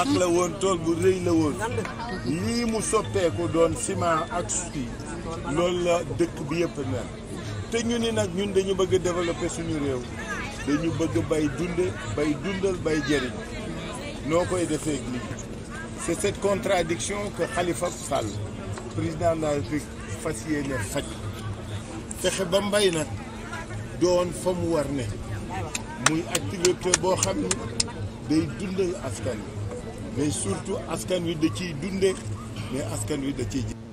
mag la woon tool bu rëy la woon lii mu soppeeku doon ciment ak suuf loolu la dëkk bi yëpp mel te ñu ni nag ñun dañu bëgg a suñu réew dañu bëgg bay dunde bay dundal bay jëriñ noo koy defee lii c'est cette contradiction que Khalifa Sall président de la République fas yéene faj fexe ba mbay nag doon fa mu war ne muy activité boo xam ni day dundal askan wi mais surtout askan wi da ciy dunde mais askan wi da ciy